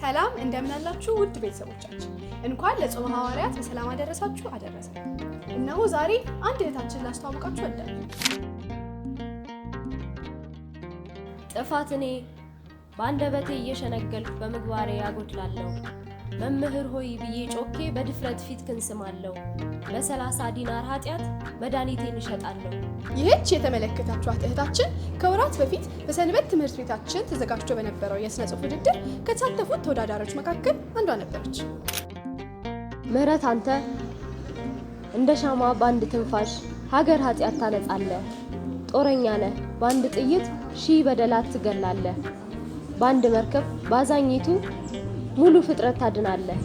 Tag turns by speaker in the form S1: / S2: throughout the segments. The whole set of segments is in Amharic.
S1: ሰላም እንደምናላችሁ ውድ ቤተሰቦቻችን፣ እንኳን ለጾመ ሐዋርያት በሰላም አደረሳችሁ አደረሰ። እነሆ ዛሬ አንድ እህታችን ላስተዋወቃችሁ ወዳለሁ።
S2: ጥፋት እኔ በአንደበቴ እየሸነገልኩ በምግባሬ ያጎድላለሁ። መምህር ሆይ ብዬ ጮኬ በድፍረት ፊትክን ስማለሁ። በሰላሳ ዲናር ኃጢአት መድኃኒቴን እሸጣለሁ።
S1: ይህች የተመለከታችኋት እህታችን ከወራት በፊት በሰንበት ትምህርት ቤታችን ተዘጋጅቶ በነበረው የስነ ጽሁፍ ውድድር ከተሳተፉት ተወዳዳሪዎች መካከል አንዷ ነበረች።
S3: ምህረት አንተ እንደ ሻማ በአንድ ትንፋሽ ሀገር ኃጢአት ታነጻለህ። ጦረኛ ነህ በአንድ ጥይት ሺህ በደላት ትገላለህ። በአንድ መርከብ በአዛኝቱ ሙሉ ፍጥረት ታድናለህ።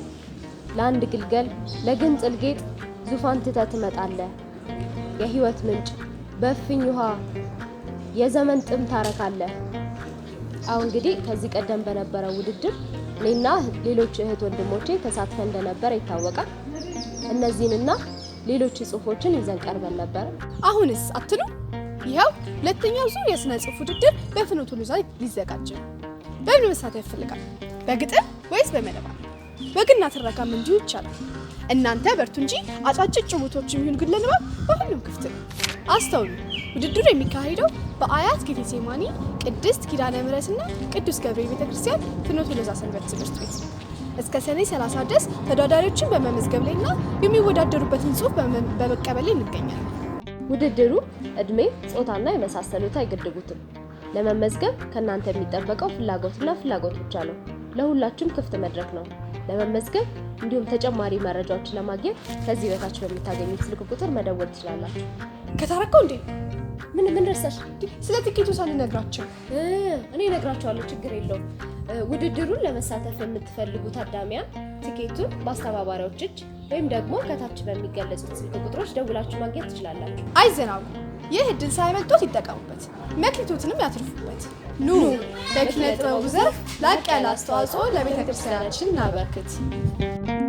S3: ለአንድ ግልገል ለግንጽል ጌጥ ዙፋን ትተህ ትመጣለህ። የህይወት ምንጭ በእፍኝ ውሃ የዘመን ጥም ታረካለህ። አሁን እንግዲህ ከዚህ ቀደም በነበረው ውድድር እኔና ሌሎች እህት ወንድሞቼ ተሳትፈን እንደነበረ ይታወቃል። እነዚህንና ሌሎች ጽሁፎችን ይዘን ቀርበን ነበር።
S1: አሁንስ አትሉ? ይኸው ሁለተኛው ዙር የሥነ ጽሁፍ ውድድር በፍኖተ ሎዛ ሊዘጋጅ ነው። በምን መሳተፍ ይፈልጋል? በግጥም ወይስ በመለባ? ወግና ትረካም እንዲሁ ይቻላል። እናንተ በርቱ እንጂ አጫጭር ጭውውቶች የሚሆን ግን ለንባብ በሁሉም ክፍት ነው። አስተውሉ፣ ውድድሩ የሚካሄደው በአያት ጌቴሴማኒ ቅድስት ኪዳነ ምሕረትና ቅዱስ ገብርኤል ቤተክርስቲያን ፍኖተ ሎዛ ሰንበት ትምህርት ቤት እስከ ሰኔ 30 ድረስ ተወዳዳሪዎችን በመመዝገብ ላይና የሚወዳደሩበትን ጽሁፍ በመቀበል ላይ እንገኛለን።
S3: ውድድሩ እድሜ፣ ጾታና የመሳሰሉት አይገድቡትም። ለመመዝገብ ከእናንተ የሚጠበቀው ፍላጎትና ፍላጎት ብቻ ነው። ለሁላችሁም ክፍት መድረክ ነው። ለመመዝገብ እንዲሁም ተጨማሪ መረጃዎችን ለማግኘት ከዚህ በታች በምታገኙት ስልክ ቁጥር መደወል ትችላላችሁ።
S1: ከታረቀው እንዴ ምን ምን ረሳሽ? ስለ ትኬቱ ሳልነግራቸው
S4: እኔ እነግራቸዋለሁ። ችግር የለውም። ውድድሩን ለመሳተፍ የምትፈልጉ ታዳሚያን ትኬቱን በአስተባባሪዎች እጅ ወይም ደግሞ ከታች በሚገለጹት ስልክ ቁጥሮች ደውላችሁ ማግኘት ትችላላችሁ።
S1: አይዘናጉ። ይህ እድል ሳይመልጦት ይጠቀሙበት፣ መክሊቶትንም ያትርፉበት።
S5: ኑ በኪነ ጥበቡ ዘርፍ ላቅ ያለ አስተዋጽኦ ለቤተክርስቲያናችን እናበርክት።